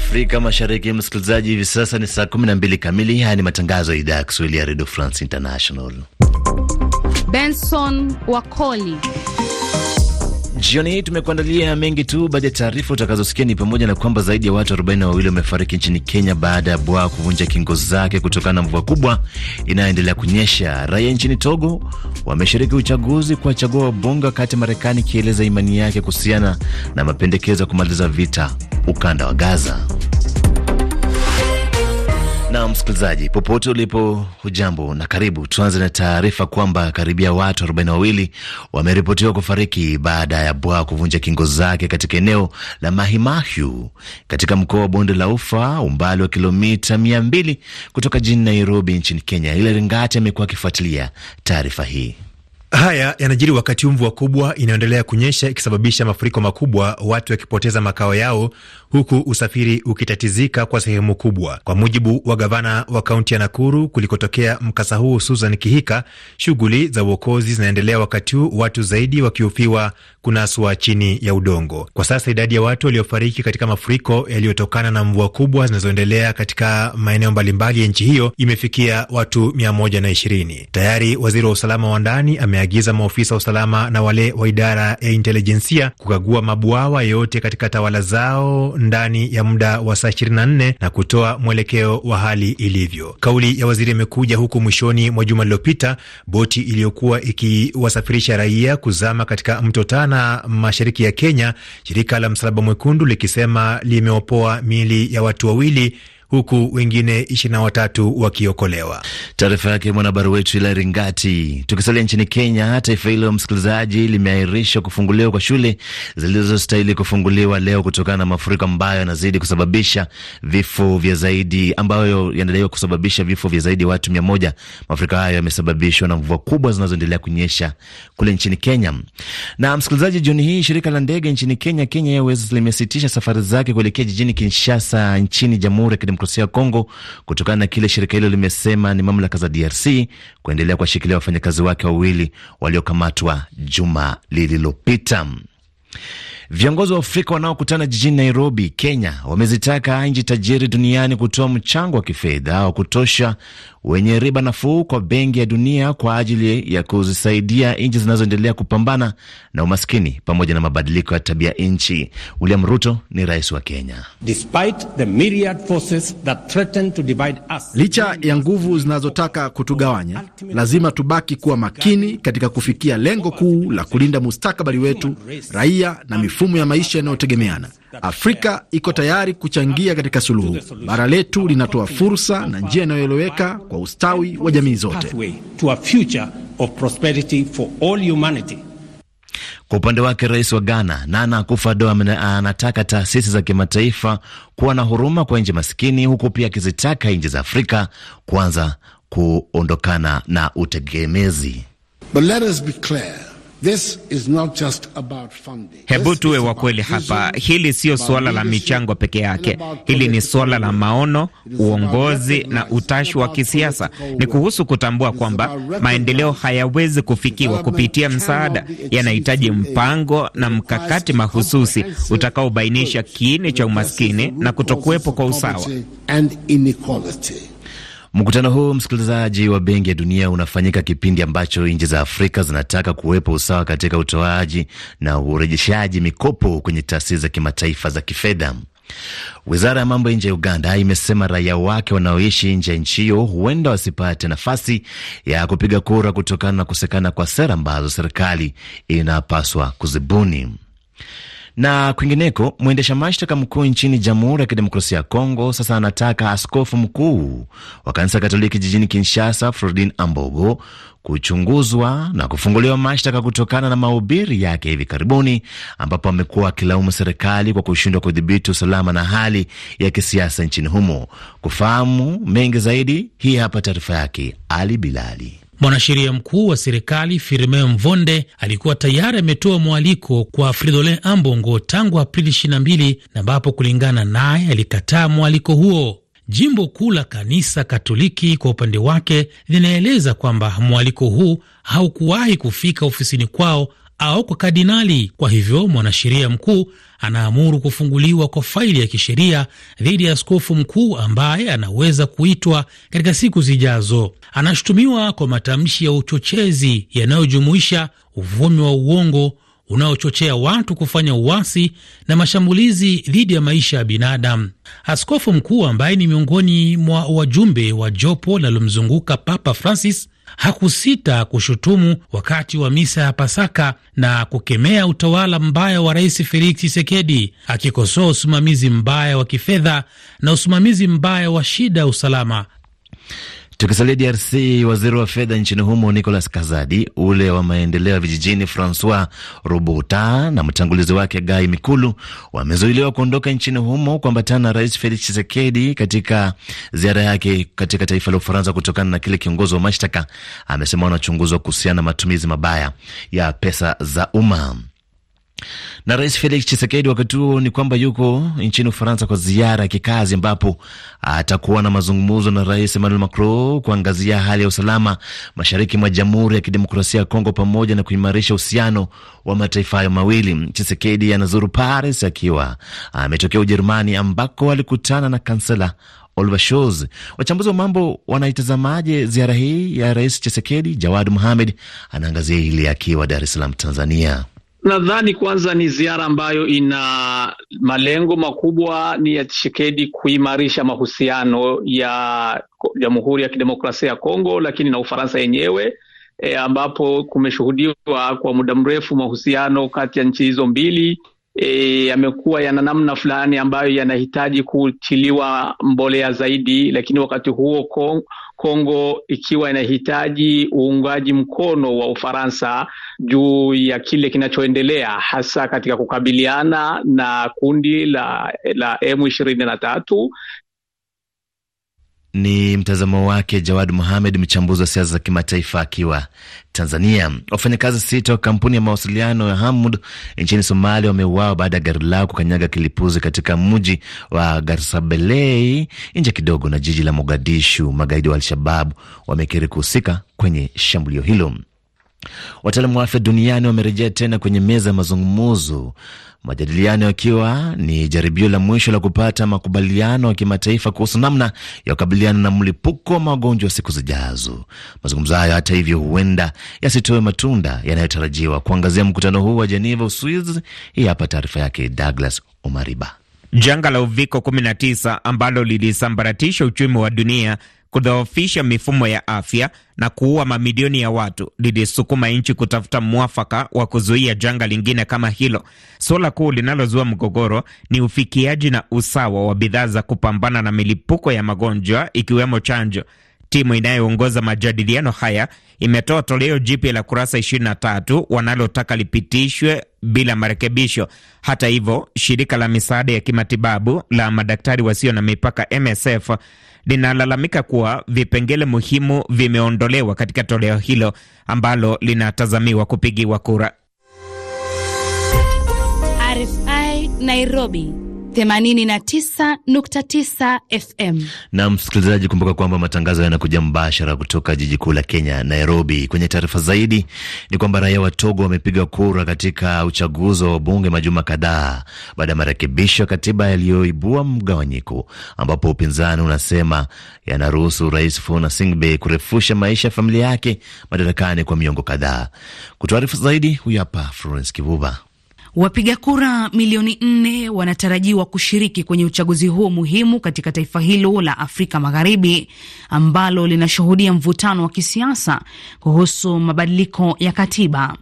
Afrika Mashariki, msikilizaji, hivi sasa ni saa mbili kamili. Haya ni matangazo ya idhaa ya Kiswahili ya Redio France International. Benson Wakoli Jioni hii tumekuandalia mengi tu. Baadhi ya taarifa utakazosikia ni pamoja na kwamba zaidi ya watu 42 wamefariki nchini Kenya baada ya bwawa kuvunja kingo zake kutokana na mvua kubwa inayoendelea kunyesha. Raia nchini Togo wameshiriki uchaguzi kuwachagua wabunge, wakati Marekani ikieleza imani yake kuhusiana na mapendekezo ya kumaliza vita ukanda wa Gaza. Na msikilizaji, popote ulipo, hujambo na karibu. Tuanze na taarifa kwamba karibia watu 4 wawili wameripotiwa kufariki baada ya bwawa kuvunja kingo zake katika eneo la Mahimahyu katika mkoa wa bonde la Ufa, umbali wa kilomita mia mbili kutoka jijini Nairobi nchini Kenya. Ile Ringati amekuwa akifuatilia taarifa hii. Haya yanajiri wakati huu mvua kubwa inayoendelea kunyesha ikisababisha mafuriko makubwa, watu wakipoteza makao yao, huku usafiri ukitatizika kwa sehemu kubwa. Kwa mujibu wa gavana wa kaunti ya Nakuru kulikotokea mkasa huu, Susan Kihika, shughuli za uokozi zinaendelea wakati huu, watu zaidi wakihofiwa kunaswa chini ya udongo. Kwa sasa idadi ya watu waliofariki katika mafuriko yaliyotokana na mvua kubwa zinazoendelea katika maeneo mbalimbali ya nchi hiyo imefikia watu 120. Tayari waziri wa usalama wa ndani ame ameagiza maofisa wa usalama na wale wa idara ya intelijensia kukagua mabwawa yote katika tawala zao ndani ya muda wa saa 24 na kutoa mwelekeo wa hali ilivyo. Kauli ya waziri imekuja huku mwishoni mwa juma lililopita boti iliyokuwa ikiwasafirisha raia kuzama katika mto Tana mashariki ya Kenya, shirika la Msalaba Mwekundu likisema limeopoa miili ya watu wawili huku wengine 23 wakiokolewa. Taarifa yake mwanahabari wetu Hilari Ngati. Tukisalia nchini Kenya, taifa hilo msikilizaji, limeahirisha kufunguliwa kwa shule zilizostahili kufunguliwa leo kutokana na mafuriko ambayo yanazidi kusababisha vifo vya zaidi, ambayo yanadaiwa kusababisha vifo vya zaidi watu mia moja. Mafuriko hayo yamesababishwa na mvua kubwa zinazoendelea kunyesha kule nchini Kenya. Na msikilizaji, jioni hii shirika la ndege nchini Kenya, Kenya Airways, limesitisha safari zake kuelekea jijini Kinshasa nchini Jamhuri ya Kidemokrasia ya Kongo kutokana na kile shirika hilo limesema ni mamlaka za DRC kuendelea kuwashikilia wafanyakazi wake wawili waliokamatwa juma lililopita. Viongozi wa Afrika wanaokutana jijini Nairobi, Kenya, wamezitaka nchi tajiri duniani kutoa mchango wa kifedha wa kutosha wenye riba nafuu kwa Benki ya Dunia kwa ajili ya kuzisaidia nchi zinazoendelea kupambana na umaskini pamoja na mabadiliko ya tabia nchi. William Ruto ni rais wa Kenya. Licha ya nguvu zinazotaka kutugawanya, lazima tubaki kuwa makini katika kufikia lengo kuu la kulinda mustakabali wetu, raia na mifumo ya maisha yanayotegemeana. Afrika iko tayari kuchangia katika suluhu. Bara letu linatoa fursa na njia inayoeleweka kwa ustawi wa jamii zote. Kwa upande wake, rais wa Ghana Nana Akufo-Addo anataka taasisi za kimataifa kuwa na huruma kwa nchi masikini huku pia akizitaka nchi za Afrika kuanza kuondokana na utegemezi. But let us be clear. Hebu tuwe wa kweli hapa, hili siyo suala la michango peke yake. Hili ni suala la maono, uongozi na utashi wa kisiasa. Ni kuhusu kutambua kwamba maendeleo hayawezi kufikiwa kupitia msaada, yanahitaji mpango na mkakati mahususi utakaobainisha kiini cha umaskini na kutokuwepo kwa usawa. Mkutano huu msikilizaji wa Benki ya Dunia unafanyika kipindi ambacho nchi za Afrika zinataka kuwepo usawa katika utoaji na urejeshaji mikopo kwenye taasisi za kimataifa za kifedha. Wizara ya mambo ya nje ya Uganda imesema raia wake wanaoishi nje ya nchi hiyo huenda wasipate nafasi ya kupiga kura kutokana na kukosekana kwa sera ambazo serikali inapaswa kuzibuni. Na kwingineko, mwendesha mashtaka mkuu nchini Jamhuri ya Kidemokrasia ya Kongo sasa anataka askofu mkuu wa kanisa Katoliki jijini Kinshasa, Frodin Ambogo, kuchunguzwa na kufunguliwa mashtaka kutokana na mahubiri yake hivi karibuni, ambapo amekuwa akilaumu serikali kwa kushindwa kudhibiti usalama na hali ya kisiasa nchini humo. Kufahamu mengi zaidi, hii hapa taarifa yake Ali Bilali. Mwanasheria mkuu wa serikali Firme Mvonde alikuwa tayari ametoa mwaliko kwa Fridolin Ambongo tangu Aprili 22 na ambapo kulingana naye alikataa mwaliko huo. Jimbo kuu la kanisa Katoliki kwa upande wake linaeleza kwamba mwaliko huu haukuwahi kufika ofisini kwao au kwa kardinali. Kwa hivyo mwanasheria mkuu anaamuru kufunguliwa kwa faili ya kisheria dhidi ya askofu mkuu ambaye anaweza kuitwa katika siku zijazo. Anashutumiwa kwa matamshi ya uchochezi yanayojumuisha uvumi wa uongo unaochochea watu kufanya uasi na mashambulizi dhidi ya maisha ya binadamu. Askofu mkuu ambaye ni miongoni mwa wajumbe wa jopo linalomzunguka Papa Francis hakusita kushutumu wakati wa misa ya Pasaka na kukemea utawala mbaya wa Rais Felix Tshisekedi, akikosoa usimamizi mbaya wa kifedha na usimamizi mbaya wa shida ya usalama Tukisalia DRC, waziri wa fedha nchini humo Nicolas Kazadi, ule wa maendeleo ya vijijini Francois Robota na mtangulizi wake Gai Mikulu wamezuiliwa kuondoka nchini humo kuambatana na Rais Felix chisekedi katika ziara yake katika taifa la Ufaransa kutokana na kile kiongozi wa mashtaka amesema wanachunguzwa kuhusiana na matumizi mabaya ya pesa za umma na Rais Felix chisekedi wakati huo ni kwamba yuko nchini Ufaransa kwa ziara ya kikazi, ambapo atakuwa na mazungumzo na Rais Emmanuel Macron kuangazia hali ya usalama mashariki mwa Jamhuri ya Kidemokrasia ya Kongo pamoja na kuimarisha uhusiano wa mataifa hayo mawili. chisekedi anazuru Paris akiwa ametokea Ujerumani ambako alikutana na kansela Oliver Scholz. Wachambuzi wa mambo wanaitazamaje ziara hii ya Rais chisekedi Jawad muhamed anaangazia hili akiwa Dar es Salaam, Tanzania. Nadhani kwanza ni ziara ambayo ina malengo makubwa, ni ya Tshisekedi kuimarisha mahusiano ya Jamhuri ya, ya Kidemokrasia ya Kongo lakini na Ufaransa yenyewe e, ambapo kumeshuhudiwa kwa muda mrefu mahusiano kati ya nchi hizo mbili e, yamekuwa yana namna fulani ambayo yanahitaji kutiliwa mbolea zaidi, lakini wakati huo Kong, Kongo ikiwa inahitaji uungaji mkono wa Ufaransa juu ya kile kinachoendelea hasa katika kukabiliana na kundi la la M ishirini na tatu ni mtazamo wake Jawad Mohamed, mchambuzi wa siasa za kimataifa akiwa Tanzania. Wafanyakazi sita wa kampuni ya mawasiliano ya Hamud nchini Somalia wameuawa baada ya gari lao kukanyaga kilipuzi katika mji wa Garsabelei, nje kidogo na jiji la Mogadishu. Magaidi wa Al-Shababu wamekiri kuhusika kwenye shambulio hilo. Wataalamu wa afya duniani wamerejea tena kwenye meza ya mazungumuzo, majadiliano yakiwa ni jaribio la mwisho la kupata makubaliano ya kimataifa kuhusu namna ya kukabiliana na mlipuko wa magonjwa wa siku zijazo. Mazungumzo hayo hata hivyo, huenda yasitoe matunda yanayotarajiwa. Kuangazia mkutano huu wa Jeneva, Uswizi, hii hapa taarifa yake Douglas Omariba. Janga la uviko 19 ambalo lilisambaratisha uchumi wa dunia kudhoofisha mifumo ya afya na kuua mamilioni ya watu lilisukuma nchi kutafuta mwafaka wa kuzuia janga lingine kama hilo. Suala kuu linalozua mgogoro ni ufikiaji na usawa wa bidhaa za kupambana na milipuko ya magonjwa ikiwemo chanjo. Timu inayoongoza majadiliano haya imetoa toleo jipya la kurasa 23 wanalotaka lipitishwe bila marekebisho. Hata hivyo, shirika la misaada ya kimatibabu la madaktari wasio na mipaka MSF linalalamika kuwa vipengele muhimu vimeondolewa katika toleo hilo ambalo linatazamiwa kupigiwa kura. RFI Nairobi 89.9 FM. Na msikilizaji, kumbuka kwamba matangazo yanakuja mbashara kutoka jiji kuu la Kenya, Nairobi. Kwenye taarifa zaidi ni kwamba raia wa Togo wamepiga kura katika uchaguzi wa bunge majuma kadhaa baada ya marekebisho ya katiba yaliyoibua mgawanyiko, ambapo upinzani unasema yanaruhusu Rais Faure Gnassingbe kurefusha maisha ya familia yake madarakani kwa miongo kadhaa. kutoarifu zaidi, huyu hapa Florence Kivuba. Wapiga kura milioni nne wanatarajiwa kushiriki kwenye uchaguzi huo muhimu katika taifa hilo la Afrika Magharibi ambalo linashuhudia mvutano wa kisiasa kuhusu mabadiliko ya katiba.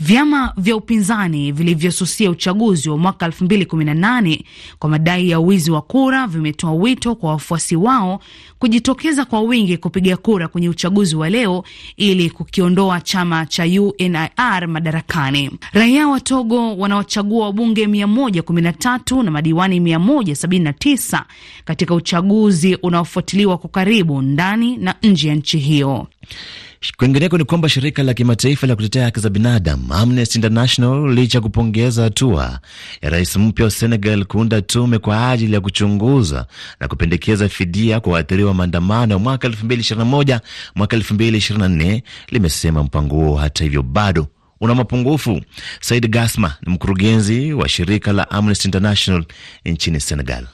Vyama vya upinzani vilivyosusia uchaguzi wa mwaka 2018 kwa madai ya wizi wa kura vimetoa wito kwa wafuasi wao kujitokeza kwa wingi kupiga kura kwenye uchaguzi wa leo ili kukiondoa chama cha UNIR madarakani. Raia wa Togo wanaochagua wabunge 113 na madiwani 179 katika uchaguzi unaofuatiliwa kwa karibu ndani na nje ya nchi hiyo. Kwingineko ni kwamba shirika la kimataifa la kutetea haki za binadamu Amnesty International licha kupongeza hatua ya rais mpya wa Senegal kuunda tume kwa ajili ya kuchunguza na kupendekeza fidia kwa waathiriwa maandamano ya mwaka 2021 mwaka 2024, limesema mpango huo hata hivyo bado una mapungufu. Said Gasma ni mkurugenzi wa shirika la Amnesty International nchini Senegal.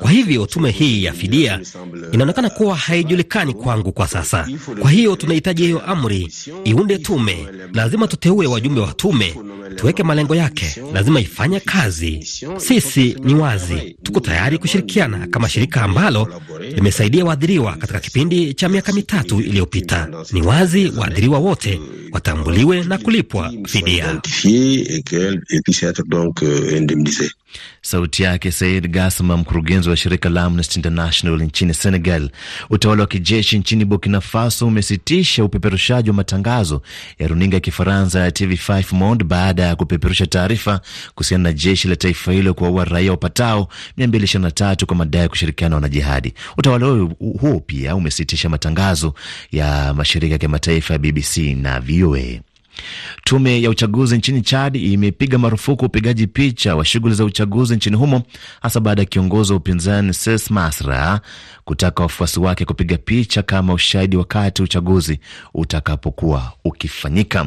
Kwa hivyo tume hii ya fidia inaonekana kuwa haijulikani kwangu kwa sasa. Kwa hiyo tunahitaji hiyo amri iunde tume. Lazima tuteue wajumbe wa tume, tuweke malengo yake, lazima ifanye kazi. Sisi ni wazi, tuko tayari kushirikiana kama shirika ambalo limesaidia waathiriwa katika kipindi cha miaka mitatu iliyopita. Ni wazi waathiriwa wote watambuliwe na kulipwa fidia. Sauti yake Said gasma mkurugenzi wa shirika la Amnesty International nchini Senegal. Utawala wa kijeshi nchini Burkina Faso umesitisha upeperushaji wa matangazo ya runinga ya kifaransa ya TV5 Mond baada ya kupeperusha taarifa kuhusiana na jeshi la taifa hilo kuwaua raia wapatao 223 kwa madai ya kushirikiana na wanajihadi. Utawala huo pia umesitisha matangazo ya mashirika ya kimataifa ya BBC na VOA. Tume ya uchaguzi nchini Chad imepiga marufuku upigaji picha wa shughuli za uchaguzi nchini humo, hasa baada ya kiongozi wa upinzani Ses Masra kutaka wafuasi wake kupiga picha kama ushahidi wakati uchaguzi utakapokuwa ukifanyika.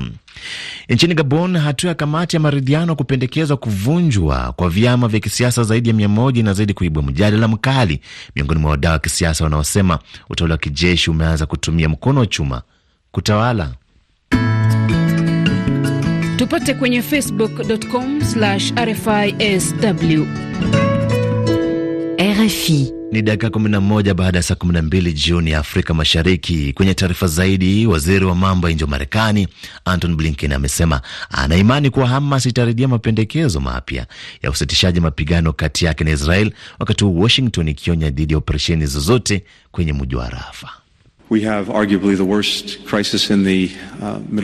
Nchini Gabon, hatua ya kamati ya maridhiano kupendekezwa kuvunjwa kwa vyama vya kisiasa zaidi ya mia moja inazidi kuibua mjadala mkali miongoni mwa wadau wa kisiasa wanaosema utawala wa kijeshi umeanza kutumia mkono wa chuma kutawala. Tupate kwenye facebook.com RFISW. RFI ni dakika 11 baada ya saa 12 jioni ya Afrika Mashariki. Kwenye taarifa zaidi, waziri wa mambo ya nje wa Marekani Anton Blinken amesema anaimani kuwa Hamas itarudia mapendekezo mapya ya usitishaji mapigano kati yake na Israel, wakati huu Washington ikionya dhidi ya operesheni zozote kwenye mji wa Rafa. Uh,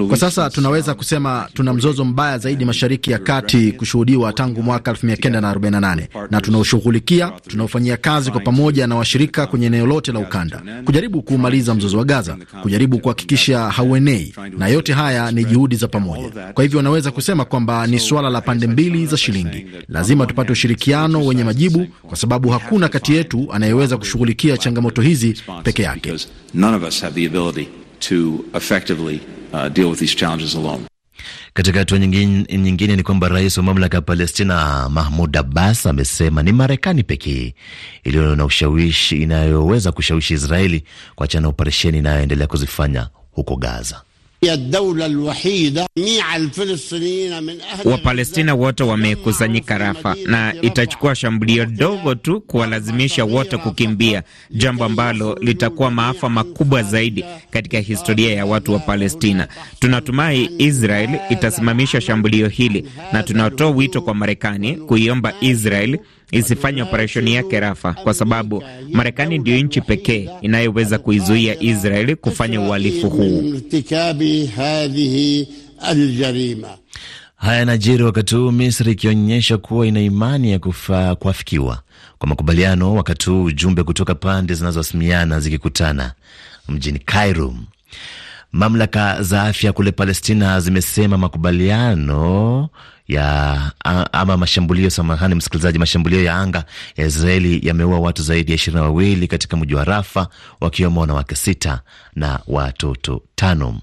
kwa sasa tunaweza kusema tuna mzozo mbaya zaidi Mashariki ya Kati kushuhudiwa tangu mwaka 1948 na tunaoshughulikia, tunaofanyia kazi kwa pamoja na washirika kwenye eneo lote la ukanda, kujaribu kuumaliza mzozo wa Gaza, kujaribu kuhakikisha hauenei, na yote haya ni juhudi za pamoja. Kwa hivyo naweza kusema kwamba ni suala la pande mbili za shilingi. Lazima tupate ushirikiano wenye majibu, kwa sababu hakuna kati yetu anayeweza kushughulikia changamoto hizi peke yake none of us have the ability to effectively uh, deal with these challenges alone. Katika hatua nyingine, nyingine ni kwamba rais wa mamlaka ya Palestina Mahmud Abbas amesema ni Marekani pekee iliyo na ushawishi inayoweza kushawishi Israeli kuachana operesheni inayoendelea kuzifanya huko Gaza. Wapalestina wote wamekusanyika Rafa na itachukua shambulio dogo tu kuwalazimisha wote kukimbia, jambo ambalo litakuwa maafa makubwa zaidi katika historia ya watu wa Palestina. Tunatumai Israel itasimamisha shambulio hili na tunatoa wito kwa Marekani kuiomba Israel isifanye operesheni yake Rafa, kwa sababu Marekani ndiyo nchi pekee inayoweza kuizuia Israeli kufanya uhalifu huu. Haya najiri wakati huu Misri ikionyesha kuwa ina imani ya kufaa kuafikiwa kwa makubaliano, wakati huu ujumbe kutoka pande zinazorasimiana zikikutana mjini Cairo. Mamlaka za afya kule Palestina zimesema makubaliano ya ama mashambulio, samahani msikilizaji, mashambulio ya anga ya Israeli yameua watu zaidi ya ishirini na wawili katika mji wa Rafa, wakiwemo wanawake sita na watoto tano.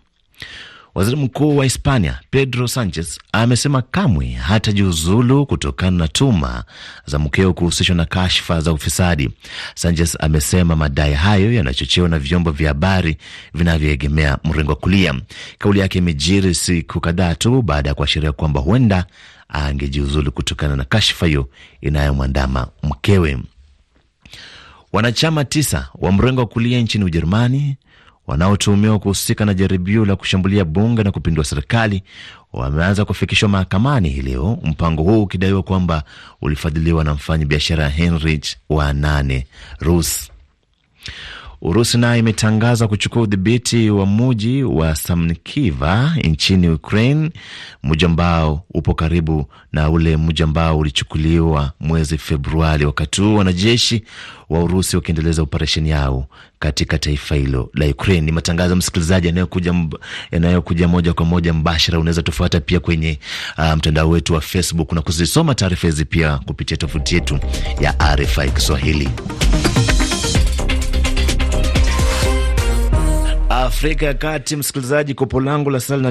Waziri mkuu wa Hispania Pedro Sanchez amesema kamwe hatajiuzulu kutokana na tuma za mkeo kuhusishwa na kashfa za ufisadi. Sanchez amesema madai hayo yanachochewa na vyombo vya habari vinavyoegemea mrengo wa kulia. Kauli yake imejiri siku kadhaa tu baada ya kuashiria kwamba huenda angejiuzulu kutokana na kashfa hiyo inayomwandama mkewe. Wanachama tisa wa mrengo wa kulia nchini Ujerumani wanaotuhumiwa kuhusika na jaribio la kushambulia bunge na kupindua serikali wameanza kufikishwa mahakamani hii leo, mpango huu ukidaiwa kwamba ulifadhiliwa na mfanyabiashara henrich wa nane Rus. Urusi nayo imetangaza kuchukua udhibiti wa muji wa Samnikiva nchini Ukraine, muji ambao upo karibu na ule muji ambao ulichukuliwa mwezi Februari, wakati huu wanajeshi wa Urusi wakiendeleza operesheni yao katika taifa hilo la Ukraine. Ni matangazo msikilizaji, yanayokuja yanayokuja moja kwa moja mbashara. Unaweza tufuata pia kwenye uh, mtandao wetu wa Facebook na kuzisoma taarifa hizi pia kupitia tovuti yetu ya RFI Kiswahili. Afrika ya Kati. Msikilizaji, kopo langu la